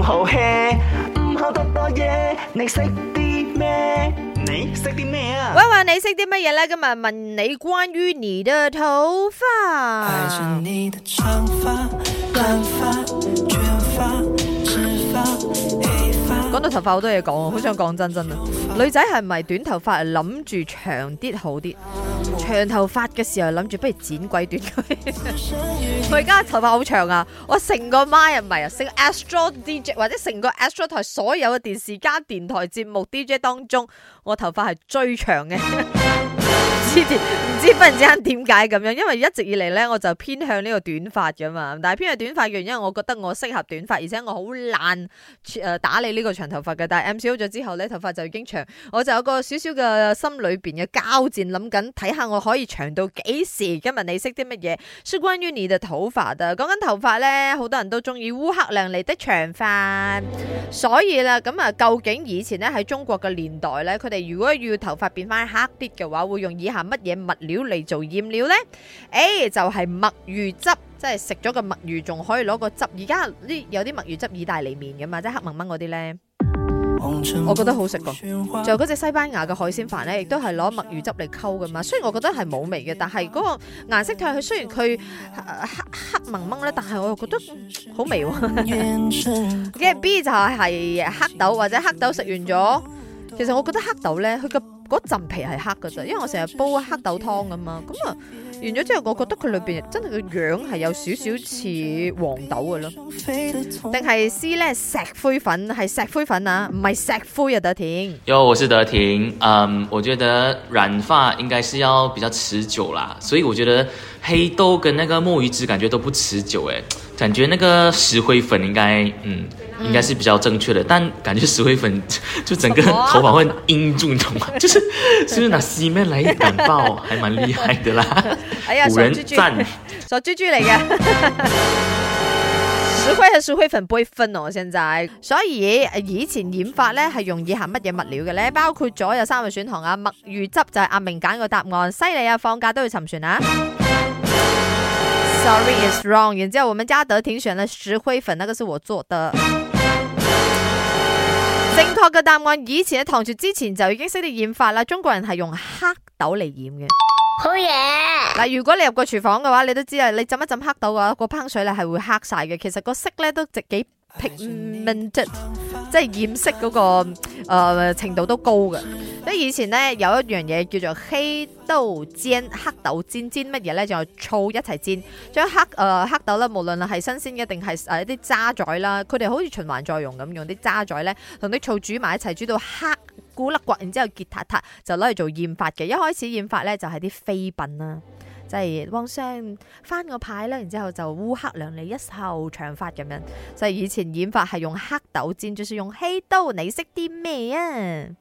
喂、嗯啊、喂，話你識啲乜嘢咧？今日問你關於你的頭髮。啲頭髮好多嘢講，好想講真真啊！女仔係咪短頭髮係諗住長啲好啲？長頭髮嘅時候諗住不如剪鬼短佢。我而家頭髮好長啊！我成個媽啊唔係啊，成個 Astral DJ 或者成個 Astral 台所有嘅電視加電台節目 DJ 當中，我頭髮係最長嘅。不知唔知點解咁樣？因為一直以嚟呢，我就偏向呢個短髮噶嘛。但係偏向短髮原因，我覺得我適合短髮，而且我好難誒、呃、打理呢個長頭髮嘅。但係 M C O 咗之後呢，頭髮就已經長，我就有個少少嘅心裏邊嘅交戰，諗緊睇下我可以長到幾時。今日你識啲乜嘢？說關於你嘅頭髮啊，講緊頭髮咧，好多人都中意烏黑亮麗的長髮，所以啦，咁啊，究竟以前呢，喺中國嘅年代呢，佢哋如果要頭髮變翻黑啲嘅話，會用以下乜嘢物料？料嚟做醃料呢，誒就係墨魚汁，即係食咗個墨魚仲可以攞個汁。而家呢有啲墨魚汁意大利麵噶嘛，即係黑蒙蒙嗰啲呢，我覺得好食過。仲有嗰隻西班牙嘅海鮮飯呢，亦都係攞墨魚汁嚟溝噶嘛。雖然我覺得係冇味嘅，但係嗰個顏色睇下佢，雖然佢黑黑蒙蒙咧，但係我又覺得好味。跟住 B 就係黑豆或者黑豆食完咗，其實我覺得黑豆呢，佢個。嗰陣皮係黑嘅啫，因為我成日煲黑豆湯咁嘛，咁啊完咗之後，我覺得佢裏邊真係個樣係有少少似黃豆嘅咯，定係撕咧石灰粉，係石灰粉啊，唔係石灰啊，德婷。Yo，我是德婷。嗯、um，我覺得染髮應該是要比較持久啦，所以我覺得黑豆跟那個墨魚汁感覺都不持久，哎，感覺那個石灰粉應該，嗯。應該是比較正確的，但感覺石灰粉就整個頭髮會陰住，就是，你懂嗎？就是，就是拿洗面來染爆， 還蠻厲害的啦。哎呀，小豬豬，小 豬豬嚟嘅。 石灰和石灰粉不會分哦，現在。所以以前染髮呢係用以下乜嘢物料嘅呢？包括咗有三個選項啊，墨魚汁就係阿明揀嘅答案，犀利啊！放假都要沉船啊？Sorry，is wrong。然之後我們嘉德庭選了石灰粉，那個是我做的。正確嘅答案，以前喺唐朝之前就已經識啲染髮啦。中國人係用黑豆嚟染嘅。好嘢！嗱，如果你入過廚房嘅話，你都知啊，你浸一浸黑豆嘅話，個烹水咧係會黑晒嘅。其實個色咧都值幾 pigmented 即係染色嗰，那個誒、呃、程度都高嘅。咁以前呢，有一樣嘢叫做黑豆煎，黑豆煎煎乜嘢呢？就醋一齊煎，將黑誒、呃、黑豆啦，無論係新鮮嘅定係誒一啲渣仔啦，佢哋好似循環再用咁，用啲渣仔呢同啲醋煮埋一齊煮到黑咕碌骨，然之後結塔塔就攞嚟做染髮嘅。一開始染髮呢，就係啲飛品啦，即係往上翻個牌咧，然之後就烏黑亮麗一頭長髮咁樣。即係以，以前染髮係用黑豆煎，就算、是、用黑刀？你識啲咩啊？